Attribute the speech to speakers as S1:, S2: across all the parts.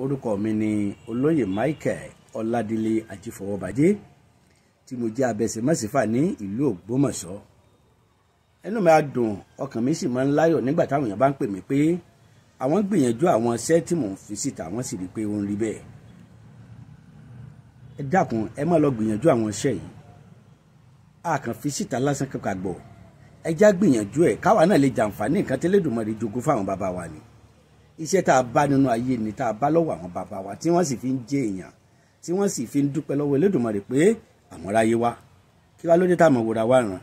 S1: orúkọ mi ni olóyè Michael Ọládélé Ajífọwọ́bajé tí mo jẹ́ abẹsẹ̀mọ́sífà ní ìlú Ògbómọ̀ṣọ́ ẹnu mi á dùn ọkàn mi sì máa ń láyọ̀ nígbà táwọn èèyàn bá ń pè mí pé àwọn gbìyànjú àwọn iṣẹ́ tí mò ń fi síta wọ́n sì rí pé ó ń rí bẹ́ẹ̀ ẹ dákun ẹ má lọ gbìyànjú àwọn iṣẹ́ yìí a kàn fi síta lásán kankan gbọ̀ ẹ já gbìyànjú ẹ káwa náà lè jàǹfààní nǹkan tẹ́lẹ̀dùnmọ́ rí jogún fáwọn bàbá wa ni iṣẹ́ tá a bá nínú ayé ni tá a bá lọ́wọ́ àwọn bàbá wa tí wọ́n sì fi ń jẹ́ èèyàn tí wọ́n sì fi ń dúpẹ́ lọ́wọ́ Elédùmarè pé àwọn ráyé wá kí wá lóde tá a mọ̀ wòra wá ràn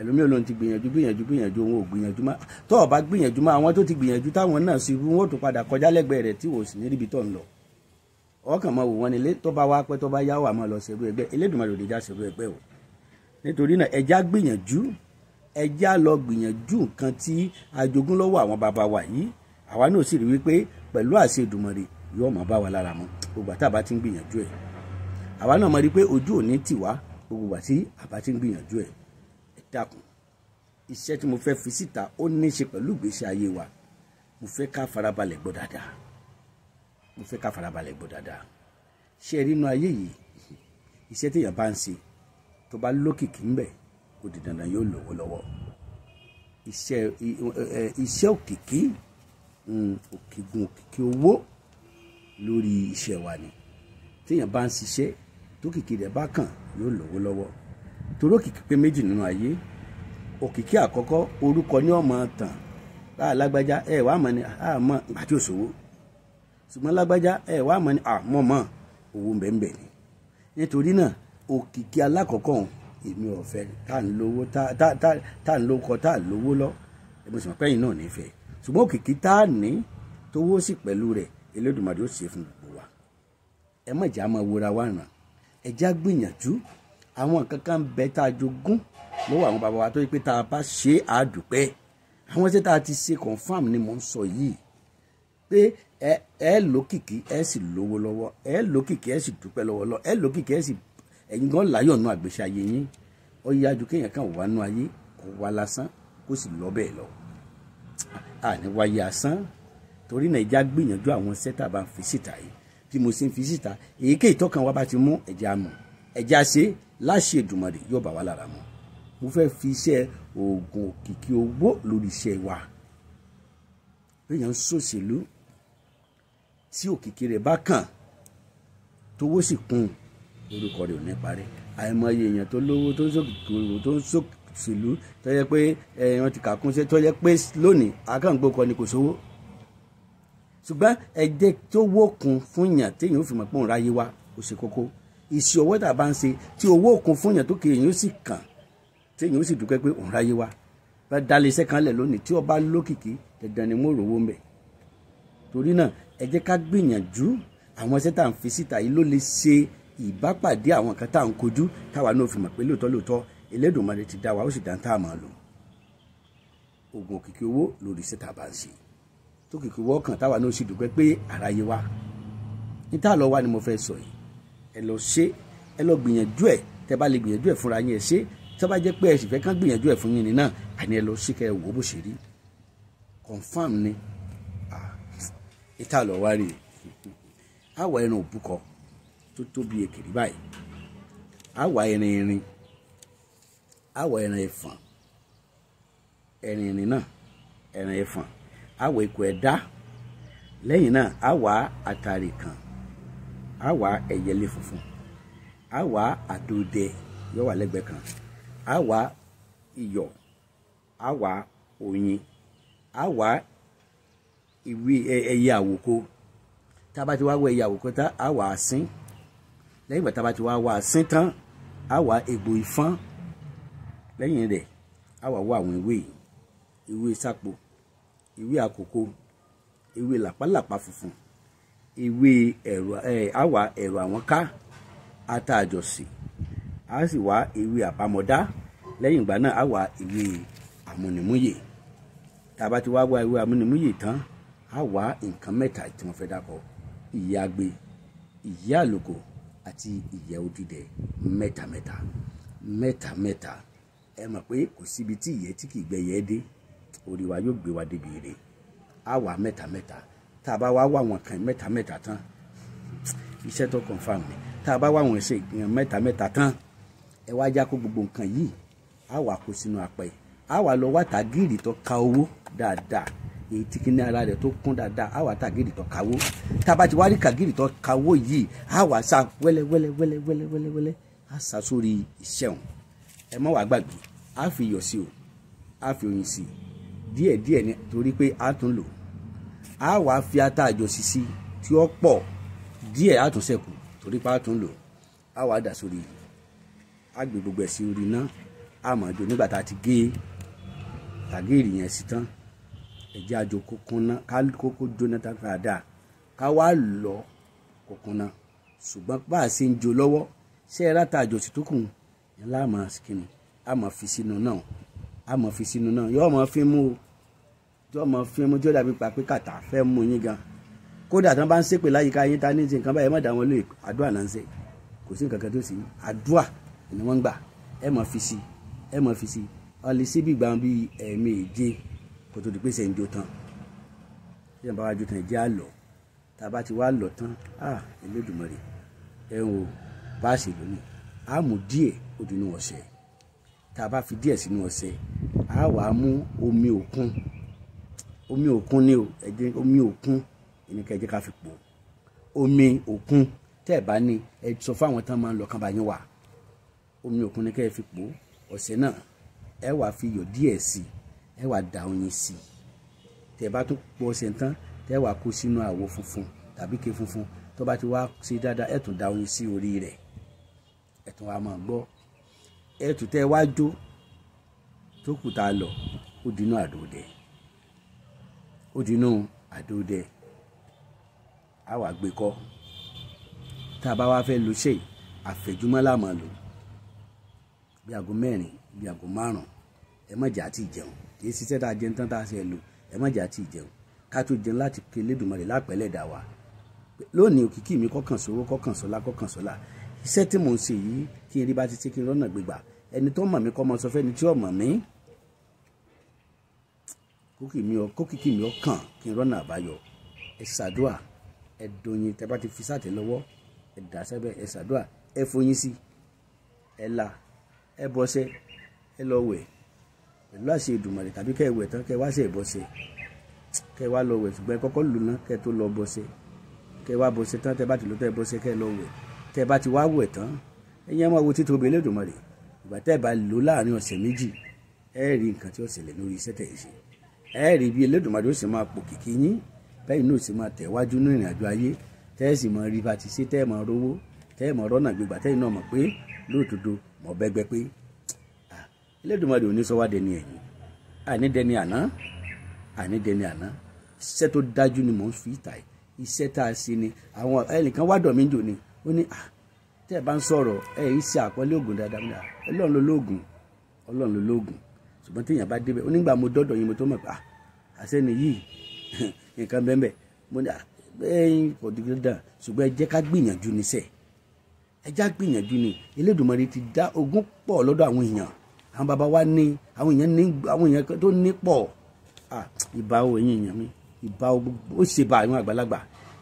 S1: ẹlòmíì olóhùn ti gbìyànjú gbìyànjú gbìyànjú òun ò gbìyànjú má tó o bá gbìyànjú má àwọn tó ti gbìyànjú táwọn náà sì rú wọn ò tún padà kọjá lẹ́gbẹ̀ẹ́ rẹ̀ tí wò sí ní ríbi tó ń lọ ọkàn máa wò wọn ni tó bá wá pẹ́ tó bá yá wà lọ ṣerú ẹgbẹ́ Elédùmarè òde já ṣerú ẹgbẹ́ o nítorí náà ẹjá gbìyànjú ẹjá lọ gbìyànjú nǹkan tí ajogún àwọn bàbá wa yìí àwa náà sì rí wípé pẹ̀lú àṣẹ Èdùmàrè yóò máa bá wa lára mu gbogbo àti àbá ti ń gbìyànjú ẹ̀ àwa náà mọ̀ rí pé ojú òní tì wá gbogbo àti àbá ti ń gbìyànjú ẹ̀ ẹ dákun iṣẹ́ tí mo fẹ́ fi síta ó ní í ṣe pẹ̀lú ìgbésí ayé wa mo fẹ́ ká farabalẹ̀ gbọ́ dáadáa mo fẹ́ ká farabalẹ̀ gbọ́ dáadáa ṣé ẹ nínú ayé yìí iṣẹ́ téèyàn bá ń ṣe tó bá lókìkí ń bẹ̀ kò di dandan yóò lówó iṣẹ́ òkìkí òkègun òkìkí owó lórí iṣẹ́ wa ni téèyàn bá ń ṣiṣẹ́ tó kìkì rẹ̀ bá kàn yóò lówó lọ́wọ́ torí òkìkí pé méjì nínú ayé òkìkí àkọ́kọ́ orúkọ ní ọmọ tàn láàlágbájá ẹ wàá mọ̀ ni àmọ́ ìgbà tí ò sówó ṣùgbọ́n lágbájá ẹ wàá mọ̀ ni àmọ́ mọ̀ owó bẹ́ẹ̀ ni nítorí náà òkìkí alákọ̀ọ́kọ́ èmi ọ̀fẹ́ tá à ń lówó tá à ń lówó kọ tá à ń lówó lọ ẹ mo sì pẹ́yìn náà nífẹ̀ẹ́ ṣùgbọ́n òkìkí tá a ní tó wó sí pẹ̀lú rẹ̀ Elédùmarè ó ṣe fún gbogbo wa ẹ má jẹ́ àmọ́ wúra wá ràn ẹ já gbìyànjú àwọn nǹkan kan bẹ tá a jogún lọ́wọ́ àwọn bàbá wa tó yẹ pé tá a bá ṣe é àdùpẹ́ àwọn ṣé tá a ti ṣe confam ni mò ń sọ yìí pé ẹ ẹ lókìkí ẹ sì lówó lọ́wọ́ ẹ lókìkí ẹ sì dúpẹ́ lọ́wọ́ lọ ẹ lókìkí ẹ sì ẹ̀yin gan láyọ̀ nù àgbèsè ayé yín ó yájú kan wà nù ayé kó wá lásán kó sì lọ bẹ́ẹ̀ lọ àníwáyé asán torí nàìjà gbìyànjú àwọn sẹ́tà bá ń fi síta yìí bí mo ṣe ń fi síta èyíkéyìí tọ́kàn wa bá ti mú ẹ̀já mọ̀ ẹ̀já ṣe láṣẹ Èdùmàrè yóò bá wa lára mu mo fẹ́ fi iṣẹ́ oògùn òkìkí owó lórí iṣẹ́ wa èèyàn ń tí òkìkí rẹ̀ bá kàn tówó sì kún orúkọ rẹ̀ ò ní parẹ́ àìmọye èèyàn tó lówó tó ń ṣòkìkí tó ń ṣòkìkí tìlú tó yẹ pé wọ́n ti kàkún sí tó yẹ pé lónìí àkàǹgbò kan ni kò sówó ṣùgbọ́n ẹ̀jẹ̀ tó wókun fún yàn téèyàn ò fi mọ̀ pé òun ráyé wá ó ṣe kókó iṣẹ́ owó tàbá ń ṣe tí owó òkun fún yàn tó kì èèyàn ó sì kàn téèyàn ó sì dúpẹ́ pé òun ráyé wá bá dalẹ̀ kan lẹ̀ lónìí tí ọba lókìkí dandan ni mo rówó mẹ́ torí náà ẹ jẹ́ ká gbìyànjú àwọn iṣẹ́ tá à ń fi síta yìí ló lè ṣe ìbápàdé àwọn kan tá ń kojú káwa náà fi mọ̀ pé lóòótọ́ lóòótọ́ Elédùmarè ti dá wa ó sì dá tá a máa lò oògùn òkìkí owó lórí síta bá ń ṣe tó kìkì owó ọkàn táwa náà sì dúpẹ́ pé àráyé wa níta lọ wá ni mo fẹ́ sọ yìí ẹ lọ ṣe ẹ lọ gbìyànjú ẹ tẹ bá lè gbìyànjú ẹ fúnra yín ẹ ṣe tó bá jẹ́ pé ẹ sì fẹ́ kán gbìyànjú ẹ fún yín ni náà àní ẹ lọ ṣe kẹ ẹ wò ó bó ṣe rí confam ni níta lọ wá rèé àwa ẹran òbúkọ tó tóbi èkìrí báyìí àwa ẹran irin àwọ̀ ẹran ẹ̀fọ̀n ẹ̀rìn ìrìn náà ẹ̀rìn ẹ̀fọ̀n àwọ̀ èkó ẹ̀dá lẹ́yìn náà àwọ̀ atari kan àwọ̀ ẹ̀yẹlé funfun àwọ̀ àdódẹ yóò wà kan àwọ̀ iyọ̀ àwọ̀ oyin àwọ̀ ìwé ẹyẹ àwòkọ tá a bá ti wá ta ẹyẹ asin, tá àwọ̀ àsín lẹ́yìn asin tan, a bá egbò ìfọ́n lẹ́yìn rẹ̀ á wà wá àwọn ewé ewé sápò ewé àkókò ewé làpálàpá funfun ewé ẹ̀rọ àwà ẹ̀rọ àwọn ká àtàjọsì á sì wá ewé àpamọ́dá lẹ́yìn ìgbà náà á wá ewé àmúnimúyè tá a bá ti wá wá ewé àmúnimúyè tán á wá nǹkan mẹ́ta tí wọ́n fẹ́ dàpọ̀ ìyá agbe ìyá àlùkò àti ìyá odidẹ mẹ́tamẹ́ta mẹ́tamẹ́ta. Mẹ́ta, mẹ́ta ẹ mọ̀ pé kò síbi tí ìyẹ́ tí kì í gbẹ́yẹ dé orí wa yóò gbé wa débi ire á wà mẹ́ta mẹ́ta tá a bá wá wà wọn kan mẹ́ta mẹ́ta tán iṣẹ́ tó confam ni tá a bá wà wọn ṣe ìpín mẹ́ta mẹ́ta tán ẹ wá já kó gbogbo nǹkan yìí á wà kó sínú apẹ á wà lọ wá tàgìrì tó ka owó dáadáa èyí tí kí ní ara rẹ̀ tó kún dáadáa á wà tàgìrì tó kawó tá a bá ti wá rí kàgìrì tó kawó yìí á wà sá wẹ́lẹ́ á sá sórí iṣẹ́ òun ẹ má wàá gbàgbé a fi iyọ̀ sí o a fi oyin sí díẹ̀ díẹ̀ ni torí pé a tún lò a wàá fi ata àjọ sisi tí ó pọ̀ díẹ̀ a tún ṣẹ́kù torí pé a tún lò a wàá dà sórí a gbé gbogbo ẹ̀ sí orí iná a máa jó nígbà tá a ti gé tàgéèrè yẹn sí tán ẹ̀jẹ̀ àjò kókóná ká kókó jóná tá a dáa ká wá lọ kókóná ṣùgbọ́n bá a ṣe ń jó lọ́wọ́ ṣé ẹ ráta àjò sí tó kù ń yálà àmọ́ skinny àmọ́ fi sínú náà àmọ́ fi sínú náà yóò mọ fi mú o yóò mọ fi mú tí ó dàbí pa pé kàtà fẹ́ mú yín gan kódà tí wọ́n bá ń ṣépè láyìíká yín ta ní ti nǹkan báyìí ẹ má dá wọn lóye àdúrà náà ń ṣe kò sí nǹkan kan tó sì yín àdúrà ni wọ́n ń gbà ẹ mọ̀ fi si ẹ mọ̀ fi si ọ lè síbi gbà bí ẹ̀ẹ̀méje kó tó di pé sẹ́yìn jó tán sẹ́yìn bá wá jó tán ìjẹ́ àlọ́ tá a bá ti wá lọ tán ah Elédùmarè ẹ̀ ń wo báàsì lónìí á mú díẹ̀ ó di inú ọṣẹ tá a bá fi díẹ̀ sínú ọṣẹ a wà á mú omi òkun omi òkun ni o ẹjẹ omi òkun ìníkẹjẹ ká fi pò omi òkun tẹ́ ẹ bá ní ẹ sọ fáwọn tán máa ń lọ kán bá yín wà omi òkun ni kẹ́ ẹ fi pò ọṣẹ náà ẹ wàá fi yọ díẹ̀ sí ẹ wàá da oyin sí tẹ́ bá tún pò ọṣẹ tán tẹ́ wàá kó sínú àwo funfun tàbí ké funfun tó bá ti wá ṣe dáadáa ẹ tún da oyin sí orí rẹ̀ ẹ tún wàá máa gbọ́ ẹtù tẹ wá jó tó kù tá a lọ ó dinú àdóòdẹ ó dinú àdóòdẹ á wà gbé kọ tá a bá wá fẹ́ lo ṣe àfẹ̀júmọ́ la máa lò bí aago mẹ́rin bí aago márùn ẹ má jẹ́ àti ìjẹun èyí ṣiṣẹ́ tá a jẹun tán tá a ṣe lò ẹ má jẹ́ àti ìjẹun ká tó jẹun láti pe Elédùmarè lápẹ̀lẹ̀ dà lónìí òkìkí mi kọ́kàn sówó kọ́kàn iṣẹ́ tí mò ń ṣe yìí kí n rí bá ti ṣe kí n lọ́nà gbégbà ẹni tó mọ̀ mí kọ́ mọ sọ fẹ́ni tí ò mọ̀ mí kókìkì mi ò kàn kí n rọ́nà àbáyọ ẹ ṣàdúà ẹ dòyìn tẹ bá ti fi sáàtẹ lọ́wọ́ ẹ dà sẹ́bẹ̀ ẹ ṣàdúà ẹ foyín sí ẹ la ẹ bọ́sẹ̀ ẹ lọ wẹ̀ pẹ̀lú àṣẹ Èdùmàrè tàbí kẹ́ ẹ wẹ̀ tán kẹ́ ẹ wá ṣe ìbọ̀sẹ̀ kẹ́ ẹ wá lọ wẹ̀ ṣùgbọ́n ẹ kọ́kọ́ lù ná kẹ́ ẹ tó lọ bọ́sẹ̀ kẹ́ ẹ wá bọ́sẹ̀ tán tẹ bá ti lọ tẹ́ ẹ bọ́sẹ̀ kẹ́ ẹ lọ wẹ̀ tẹ́ bá ti wá wẹ̀ tán ẹ̀yin á máa wo títóbi Elédùmarè ìgbà tẹ́ bá lò láàrin ọ̀sẹ̀ méjì ẹ rí nǹkan tí ó ṣẹlẹ̀ lórí iṣẹ́ tẹ́ ṣe ẹ rí bí Elédùmarè ó sì máa pò kìkì yín bẹ́ẹ̀ náà sì máa tẹ̀wájú ní ìrìn àjò ayé tẹ́ ẹ sì máa rí bá ti ṣe tẹ́ ẹ máa rówó tẹ́ ẹ máa rọ́nà gbégbà tẹ́ ẹ náà pé lóòótọ́ mọ̀ bẹ́gbẹ́ pé Elédùmarè ò ní sọ wá dẹni ẹ̀yìn àní dẹni àná àní dẹni àná iṣẹ́ tó dájú ni mò ń fi ìtà iṣẹ́ tá a ṣe ni àwọn ẹnìkan wádọ̀ mí jò ni ó ní ah, tí ẹ bá ń sọ̀rọ̀ ẹ yìí ṣe àkọlé oògùn dáadáa mi ah, ọlọ́run ló lóògùn ọlọ́run ló lóògùn ṣùgbọ́n tí èèyàn bá débẹ̀ ó nígbà mo dọ́dọ̀ yín mo tó mọ̀ pé ah, àṣẹ́ni yìí nǹkan bẹ́ẹ̀ mo ní ẹyin kò dìgbò dàn ṣùgbọ́n ẹ jẹ́ ká gbìyànjú níṣẹ́ ẹ já gbìyànjú ni Elédùmarè ti dá ogún pọ̀ lọ́dọ̀ àwọn èèyàn àwọn baba wa ní àwọn èèyàn ní àwọn èèyàn tó ní pọ̀ ìbá o ẹ̀yin èèyàn mi ìbá o ó ṣe bá àwọn àgbàlagbà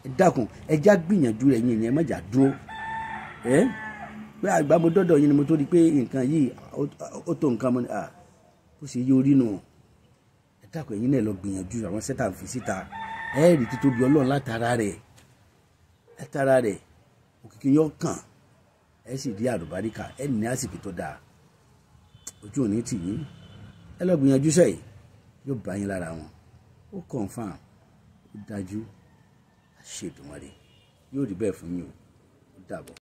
S1: ẹ dákun ẹ já gbìyànjú rẹ̀ yín ìyẹn mọ̀jà dúró ẹ pé àgbà mo dọ́dọ̀ yín ni mo tó di pé nǹkan yìí ó tó nǹkan mo ní à ó sì yí orí nù ẹ dákun ẹ̀yin náà lọ gbìyànjú àwọn sẹ́tà ń fi síta ẹ rí títóbi ọlọ́run látara rẹ̀ látara rẹ̀ òkìkí yọ kàn ẹ sì rí àrùbáríkà ẹ ní àsìkò tó dáa ojú òní tì yín ẹ lọ gbìyànjú sẹ́yìn yóò bá yín lára wọn ó kọ̀ǹfàm ó dájú ṣèdùmarè yóò rí bẹ́ẹ̀ fún yín o dàbọ̀.